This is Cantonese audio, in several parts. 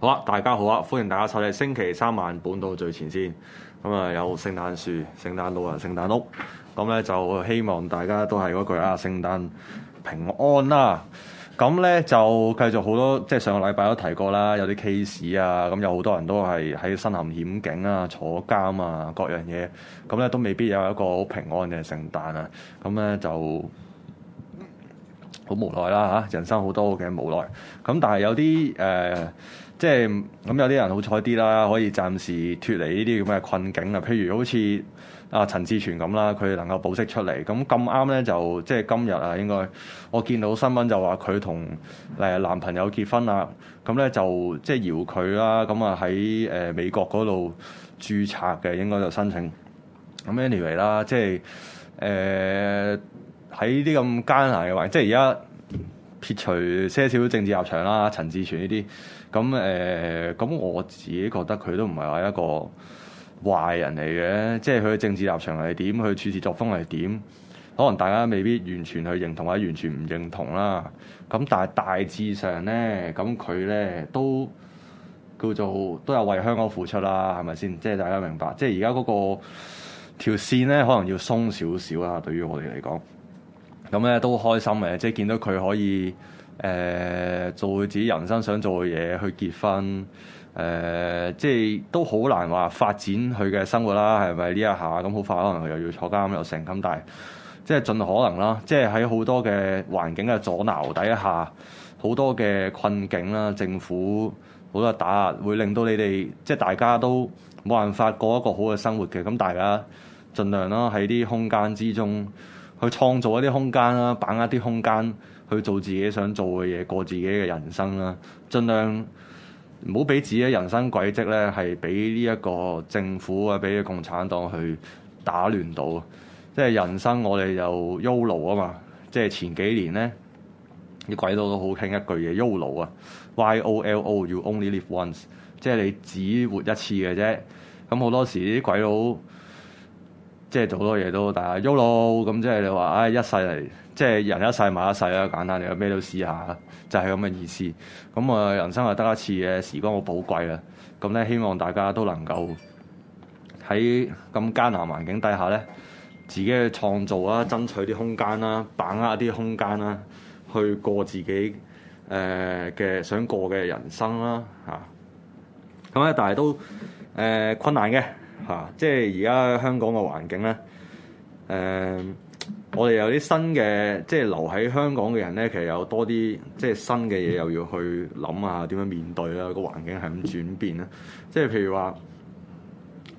好啦，大家好啊！歡迎大家收睇星期三晚《本土最前線》，咁、嗯、啊，有聖誕樹、聖誕老人、聖誕屋。咁、嗯、咧就希望大家都係嗰句啊，聖誕平安啦、啊。咁、嗯、咧就繼續好多，即係上個禮拜都提過啦，有啲 case 啊，咁、嗯、有好多人都係喺身陷險境啊、坐監啊，各樣嘢。咁、嗯、咧、嗯、都未必有一個好平安嘅聖誕啊。咁、嗯、咧、嗯、就。好無奈啦嚇，人生好多嘅無奈。咁但係有啲誒、呃，即係咁有啲人好彩啲啦，可以暫時脫離呢啲咁嘅困境啦。譬如好似阿陳志全咁啦，佢能夠保釋出嚟。咁咁啱咧就即係今日啊，應該我見到新聞就話佢同誒男朋友結婚啦。咁咧就即係搖佢啦。咁啊喺誒美國嗰度註冊嘅，應該就申請。咁 anyway 啦，即係誒。喺呢啲咁艱難嘅環境，即係而家撇除些少政治立場啦，陳志全呢啲咁誒，咁、呃、我自己覺得佢都唔係話一個壞人嚟嘅，即係佢嘅政治立場係點，佢處事作風係點，可能大家未必完全去認同或者完全唔認同啦。咁但係大致上咧，咁佢咧都叫做都有為香港付出啦，係咪先？即係大家明白，即係而家嗰個條線咧，可能要鬆少少啊，對於我哋嚟講。咁咧都開心嘅，即係見到佢可以誒、呃、做佢自己人生想做嘅嘢，去結婚誒、呃，即係都好難話發展佢嘅生活啦，係咪呢？一下咁好快可能佢又要坐監又成咁，但係即係盡可能啦，即係喺好多嘅環境嘅阻撓底下，好多嘅困境啦，政府好多打壓會令到你哋即係大家都冇辦法過一個好嘅生活嘅，咁大家盡量啦喺啲空間之中。去創造一啲空間啦，把握啲空間去做自己想做嘅嘢，過自己嘅人生啦。盡量唔好俾自己人生軌跡咧，係俾呢一個政府啊，俾個共產黨去打亂到。即係人生，我哋有 YOLO 啊嘛。即係前幾年咧，啲鬼佬都好傾一句嘢，YOLO 啊，Y O L O，you only live once，即係你只活一次嘅啫。咁好多時啲鬼佬。即係做好多嘢都大家 YOLO，咁 OL 即係你話，唉、哎、一世嚟，即係人一世物一世啦， 簡單啲咩都試下，就係咁嘅意思。咁啊，人生就得一次嘅時光好寶貴啦。咁咧，希望大家都能夠喺咁艱難環境底下咧，自己去創造啦、啊，爭取啲空間啦、啊，把握啲空間啦、啊，去過自己誒嘅、呃、想過嘅人生啦、啊，嚇。咁咧，但係都誒、呃、困難嘅。嚇、啊！即係而家香港嘅環境咧，誒、呃，我哋有啲新嘅，即係留喺香港嘅人咧，其實有多啲，即係新嘅嘢又要去諗下點樣面對啦，個、啊、環境係咁轉變咧，即係譬如話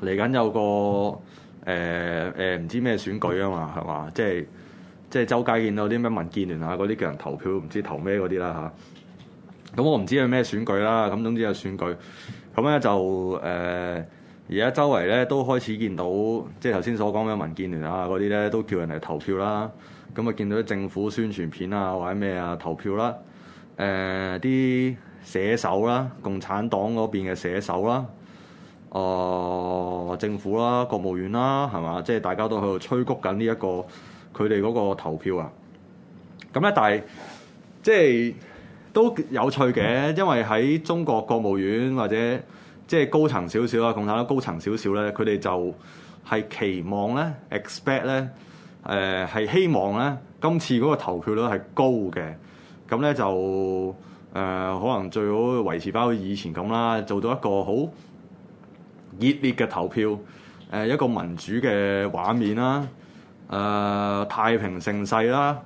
嚟緊有個誒誒，唔、呃呃、知咩選舉啊嘛，係嘛？即係即係周街見到啲咩民建聯啊嗰啲叫人投票，唔知投咩嗰啲啦嚇。咁、啊、我唔知佢咩選舉啦，咁總之有選舉。咁咧就誒。呃而家周圍咧都開始見到，即係頭先所講嘅民建聯啊嗰啲咧，都叫人嚟投票啦。咁啊，見到啲政府宣傳片啊或者咩啊投票啦。誒、呃，啲寫手啦，共產黨嗰邊嘅寫手啦，哦、呃，政府啦，國務院啦，係嘛？即、就、係、是、大家都喺度催谷緊呢一個佢哋嗰個投票啊。咁咧，但係即係都有趣嘅，因為喺中國國務院或者。即係高層少少啦，共產黨高層少少咧，佢哋就係期望咧、expect 咧、誒、呃、係希望咧，今次嗰個投票率係高嘅，咁咧就誒、呃、可能最好維持翻佢以前咁啦，做到一個好熱烈嘅投票，誒、呃、一個民主嘅畫面啦，誒、呃、太平盛世啦，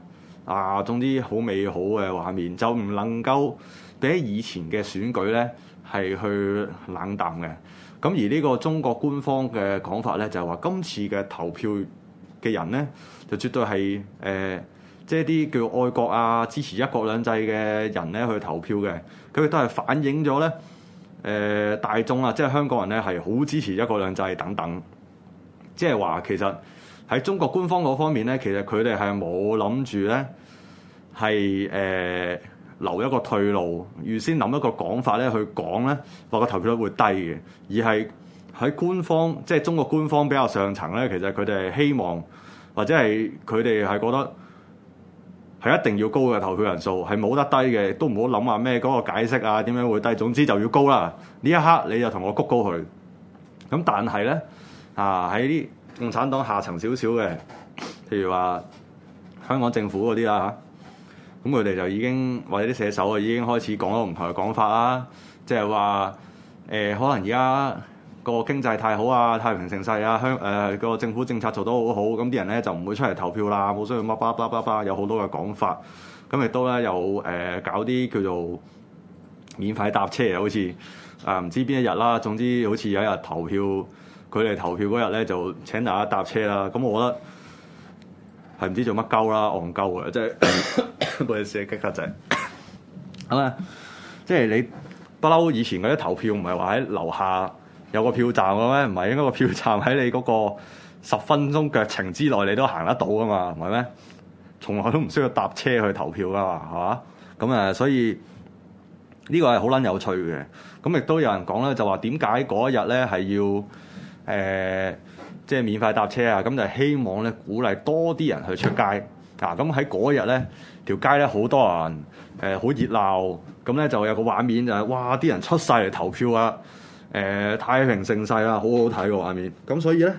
啊總之好美好嘅畫面，就唔能夠比起以前嘅選舉咧。係去冷淡嘅，咁而呢個中國官方嘅講法咧，就係話今次嘅投票嘅人咧，就絕對係誒，即係啲叫愛國啊、支持一國兩制嘅人咧去投票嘅，佢亦都係反映咗咧誒大眾啊，即係香港人咧係好支持一國兩制等等，即係話其實喺中國官方嗰方面咧，其實佢哋係冇諗住咧係誒，呃留一個退路，預先諗一個講法咧去講咧，話個投票率會低嘅，而係喺官方，即係中國官方比較上層咧，其實佢哋係希望，或者係佢哋係覺得係一定要高嘅投票人數，係冇得低嘅，都唔好諗下咩嗰個解釋啊，點樣會低，總之就要高啦。呢一刻你就同我谷高佢，咁但係咧啊，喺啲共產黨下層少少嘅，譬如話香港政府嗰啲啊吓。咁佢哋就已經或者啲寫手啊已經開始講咗唔同嘅講法啦，即係話誒可能而家個經濟太好啊，太平盛世啊，香誒個政府政策做得好好，咁啲人咧就唔會出嚟投票啦，冇需要乜吧吧吧吧，有好多嘅講法，咁亦都咧有誒搞啲叫做免費搭車啊，好似誒唔知邊一日啦，總之好似有一日投票佢哋投票嗰日咧就請大家搭車啦，咁我覺得係唔知做乜鳩啦，戇鳩嘅。即係。冇人寫吉格仔，即係你不嬲以前嗰啲投票唔係話喺樓下有個票站嘅咩？唔係應該個票站喺你嗰個十分鐘腳程之內你都行得到嘅嘛？唔係咩？從來都唔需要搭車去投票嘅嘛？係嘛？咁啊，所以呢、這個係好撚有趣嘅。咁亦都有人講咧，就話點解嗰日咧係要誒、呃、即係免費搭車啊？咁就係希望咧鼓勵多啲人去出街。嗱，咁喺嗰日咧，條街咧好多人，誒、呃、好熱鬧，咁咧就有個畫面就係、是，哇！啲人出曬嚟投票啊，誒、呃、太平盛世啦，好好睇個畫面。咁所以咧，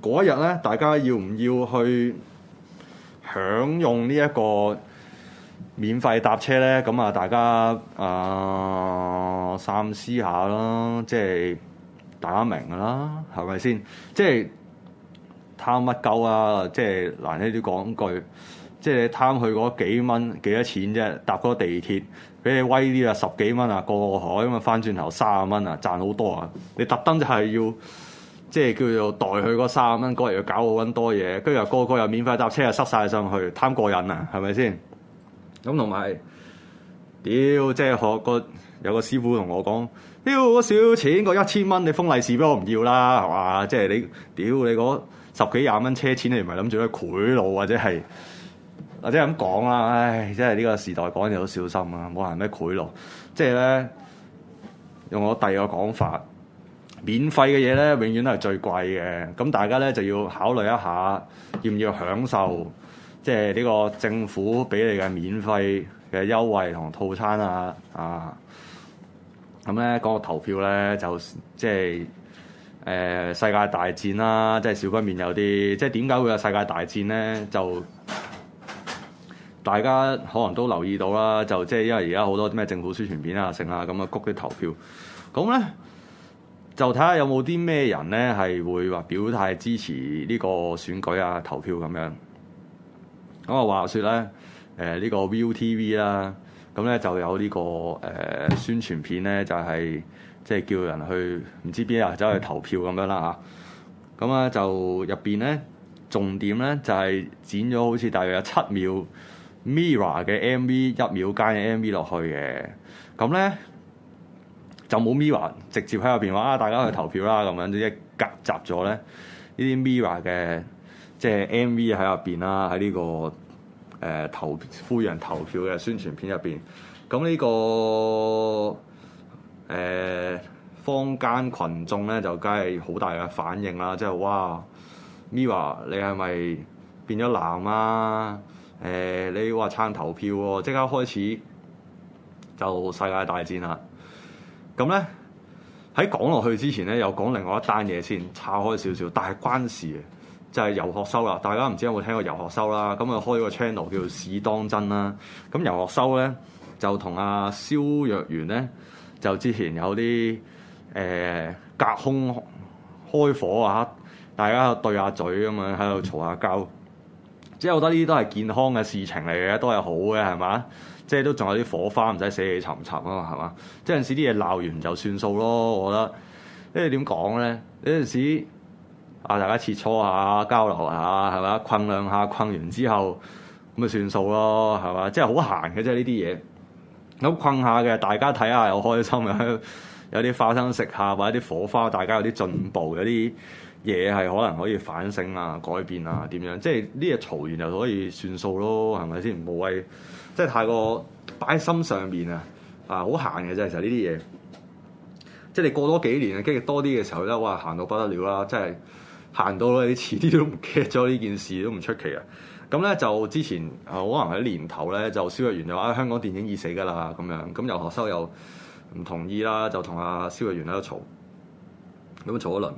嗰一日咧，大家要唔要去享用呢一個免費搭車咧？咁啊，大家啊、呃，三思下啦，即係大家明噶啦，係咪先？即係。貪乜鳩啊！即係難聽啲講句，即係你貪佢嗰幾蚊幾多錢啫？搭嗰個地鐵俾你威啲啊！十幾蚊啊，過海咁啊，翻轉頭卅蚊啊，賺好多啊！你特登就係要即係叫做代佢嗰卅蚊嗰日，要搞好咁多嘢，跟住又個個又免費搭車，又塞晒上去貪過癮啊！係咪先？咁同埋屌即係學個有個師傅同我講，屌嗰少錢個一千蚊，你封利是俾我唔要啦，係嘛？即係你屌你嗰。十幾廿蚊車錢，你唔係諗住去賄賂或者係或者咁講啦？唉，真係呢個時代講嘢都小心啊，冇話咩賄賂。即係咧，用我第二個講法，免費嘅嘢咧，永遠都係最貴嘅。咁大家咧就要考慮一下，要唔要享受即係呢個政府俾你嘅免費嘅優惠同套餐啊？啊，咁咧嗰個投票咧就即係。誒世界大戰啦，即係小方面有啲，即係點解會有世界大戰咧？就大家可能都留意到啦，就即係因為而家好多咩政府宣傳片啊，成啊咁啊，谷啲投票，咁咧就睇下有冇啲咩人咧係會話表態支持呢個選舉啊，投票咁樣。咁啊話說咧，誒呢個 ViuTV 啦，咁咧就有呢個誒宣傳片咧，就係。即係叫人去唔知邊日走去投票咁樣啦吓，咁啊、嗯、就入邊咧重點咧就係、是、剪咗好似大約有七秒 Mirror 嘅 MV 一秒間嘅 MV 落去嘅，咁咧就冇 Mirror 直接喺入邊話啊大家去投票啦咁、嗯、樣，即夾雜咗咧呢啲 Mirror 嘅即係 MV 喺入邊啦，喺呢、這個誒、呃、投呼籲人投票嘅宣傳片入邊，咁呢、這個。誒坊間群眾咧，就梗係好大嘅反應啦，即係哇！咪話你係咪變咗藍啊？誒、呃，你話撐投票喎、啊，即刻開始就世界大戰啦。咁咧喺講落去之前咧，又講另外一單嘢先，岔開少少，但關係關事嘅就係、是、遊學修啦。大家唔知有冇聽過遊學修啦？咁啊，開咗個 channel 叫做試當真啦。咁遊學修咧就同阿蕭若元咧。就之前有啲誒、呃、隔空開火啊，大家對下嘴咁樣喺度嘈下交，嗯、即係我覺得呢啲都係健康嘅事情嚟嘅，都係好嘅係嘛？即係都仲有啲火花，唔使死氣沉沉啊嘛係嘛？即係有時啲嘢鬧完就算數咯，我覺得。即係點講咧？有陣時啊，大家切磋下交流下係嘛？困兩下困完之後咁咪算數咯係嘛？即係好閒嘅即係呢啲嘢。咁困下嘅，大家睇下又開心嘅，有啲花生食下，或者啲火花，大家有啲進步，有啲嘢係可能可以反省啊、改變啊點樣，即係呢個嘈完就可以算數咯，係咪先？無謂即係太過擺喺心上面啊，啊好閒嘅真係，其實呢啲嘢，即係你過多幾年啊，經歷多啲嘅時候咧，哇行到不得了啦，真係行到你遲啲都唔記得咗呢件事都唔出奇啊！咁咧就之前啊，可能喺年頭咧就蕭若元就話香港電影已死㗎啦咁樣，咁游學修又唔同意啦，就同阿蕭若元喺度嘈，咁嘈一輪，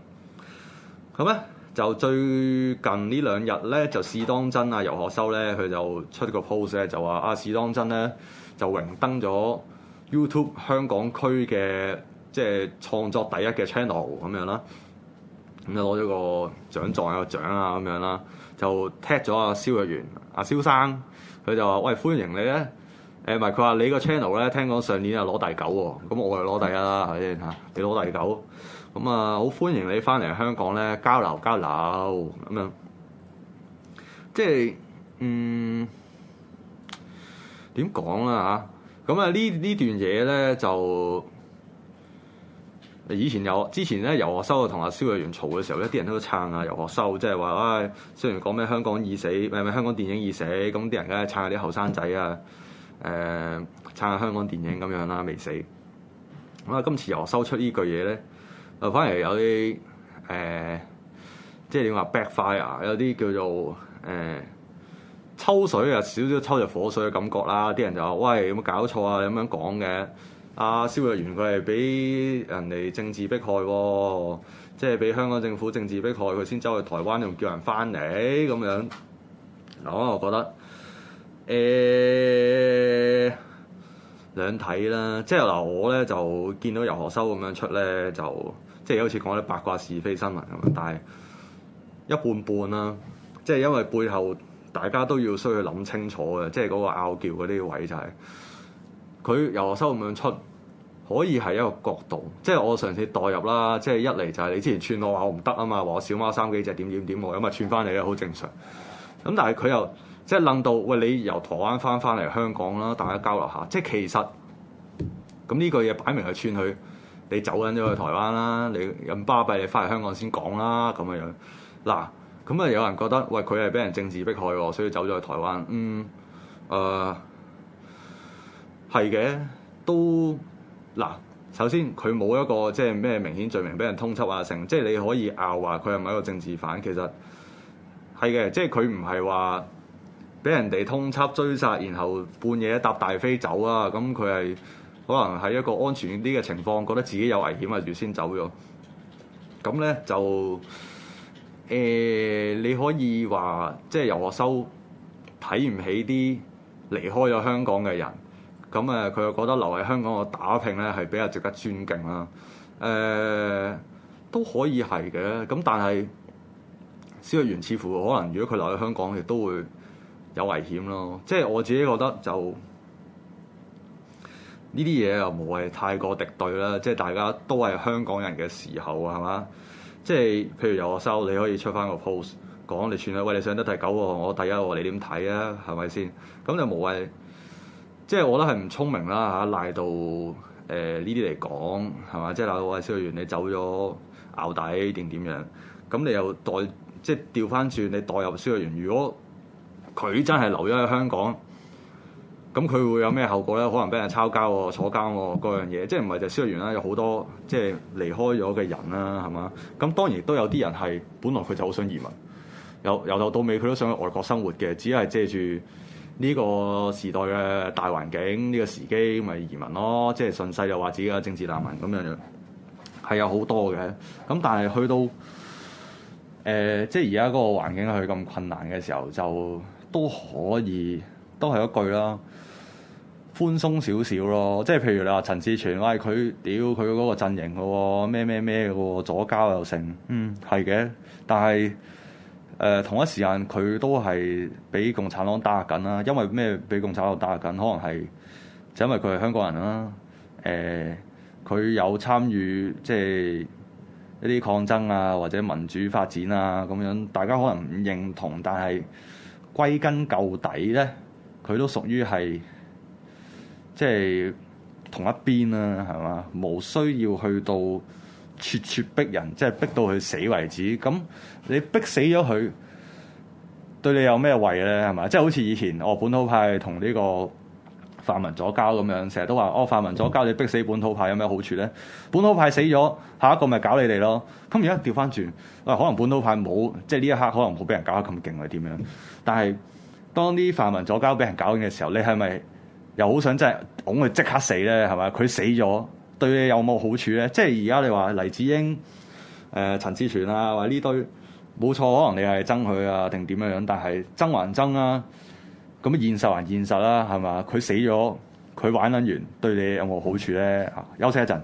咁咧就最近兩呢兩日咧就試當真啊，游學修咧佢就出個 post 咧就話啊試當真咧就榮登咗 YouTube 香港區嘅即係創作第一嘅 channel 咁樣啦，咁就攞咗個獎狀有獎啊咁樣啦。就踢咗阿蕭若元，阿、啊、蕭生佢就話：喂，歡迎你咧！誒，唔係佢話你個 channel 咧，聽講上年啊攞第九喎、哦，咁我係攞第一啦，係先嚇？你攞第九，咁、嗯、啊，好歡迎你翻嚟香港咧交流交流咁樣，即係嗯點講啦嚇？咁啊呢段呢段嘢咧就。以前有之前咧游學修同阿蕭若元嘈嘅時候咧，啲人都撐啊游學修，即係話唉，雖然講咩香港已死，係咪香港電影已死，咁啲人梗係撐下啲後生仔啊，誒撐下香港電影咁樣啦，未死。咁啊，今次游學修出呢句嘢咧，反而有啲誒、呃，即係你話 backfire，有啲叫做誒、呃、抽水啊，少少抽入火水嘅感覺啦，啲人就話喂有冇搞錯啊，咁樣講嘅。阿蕭若元佢係俾人哋政治迫害，即係俾香港政府政治迫害，佢先走去台灣，仲叫人翻嚟咁樣。嗱、啊，我覺得誒、欸、兩睇啦，即係嗱我咧就見到游學修咁樣出咧，就即係好似講啲八卦是非新聞咁，但係一半半啦、啊，即係因為背後大家都要需要去諗清楚嘅，即係嗰個拗撬嗰啲位就係、是。佢由我收咁樣出，可以係一個角度，即係我嘗試代入啦。即係一嚟就係你之前串我話我唔得啊嘛，話我小貓三幾隻點點點喎，咁咪串翻嚟咧，好正常。咁但係佢又即係諗到，喂你由台灣翻翻嚟香港啦，大家交流下，即係其實咁呢個嘢擺明係串佢，你走緊咗去台灣啦，你咁巴閉你翻嚟香港先講啦，咁樣樣嗱，咁啊有人覺得喂佢係俾人政治迫害喎，所以走咗去台灣，嗯誒。呃係嘅，都嗱。首先佢冇一個即係咩明顯罪名俾人通緝啊，成即係你可以拗話佢係咪一個政治犯。其實係嘅，即係佢唔係話俾人哋通緝追殺，然後半夜搭大飛走啊。咁佢係可能喺一個安全啲嘅情況，覺得自己有危險啊，住先走咗。咁咧就誒、呃，你可以話即係由我收睇唔起啲離開咗香港嘅人。咁誒，佢又覺得留喺香港嘅打拼咧，係比較值得尊敬啦。誒、呃，都可以係嘅。咁但係，蕭若元似乎可能，如果佢留喺香港，亦都會有危險咯。即係我自己覺得就呢啲嘢又無謂太過敵對啦。即係大家都係香港人嘅時候，係嘛？即係譬如由我收，你可以出翻個 post 講你算啦，喂，你想得第九喎，我第一喎，你點睇啊？係咪先？咁就無謂。即係我覺得係唔聰明啦嚇、啊，賴到誒呢啲嚟講係嘛？即係嗱，我話蕭若元你走咗咬底定點樣？咁你又代即係調翻轉你代入蕭若元，如果佢真係留咗喺香港，咁佢會有咩後果咧？可能俾人抄家坐監喎嗰樣嘢。即係唔係就蕭若元啦？有好多即係離開咗嘅人啦，係嘛？咁當然都有啲人係本來佢就好想移民，由由頭到尾佢都想去外國生活嘅，只係借住。呢個時代嘅大環境，呢、這個時機，咪、就是、移民咯，即係順勢又話自己嘅政治難民咁樣樣，係有好多嘅。咁但係去到誒、呃，即係而家嗰個環境佢咁困難嘅時候，就都可以，都係一句啦，寬鬆少少咯。即係譬如你話陳志全，喂佢屌佢嗰個陣營嘅喎，咩咩咩嘅喎，左膠又勝。嗯，係嘅，但係。誒同一時間佢都係俾共產黨打壓緊啦，因為咩俾共產黨打壓緊？可能係就是、因為佢係香港人啦。誒、呃，佢有參與即係、就是、一啲抗爭啊，或者民主發展啊咁樣，大家可能唔認同，但係歸根究底咧，佢都屬於係即係同一邊啦、啊，係嘛？冇需要去到。咄咄逼人，即係逼到佢死為止。咁你逼死咗佢，對你有咩惠咧？係咪？即係好似以前我、哦、本土派同呢個泛民左膠咁樣，成日都話：哦，泛民左膠，你逼死本土派有咩好處咧？本土派死咗，下一個咪搞你哋咯。咁而家調翻轉，啊、哎，可能本土派冇，即係呢一刻可能冇俾人搞得咁勁，或者點樣？但係當啲泛民左膠俾人搞緊嘅時候，你係咪又好想真係㧬佢即刻死咧？係咪？佢死咗。對你有冇好處咧？即係而家你話黎智英誒、呃、陳志全啊，或者呢堆冇錯，可能你係憎佢啊，定點樣樣？但係爭還爭啦、啊，咁現實還現實啦、啊，係嘛？佢死咗，佢玩緊完，對你有冇好處咧？啊，休息一陣。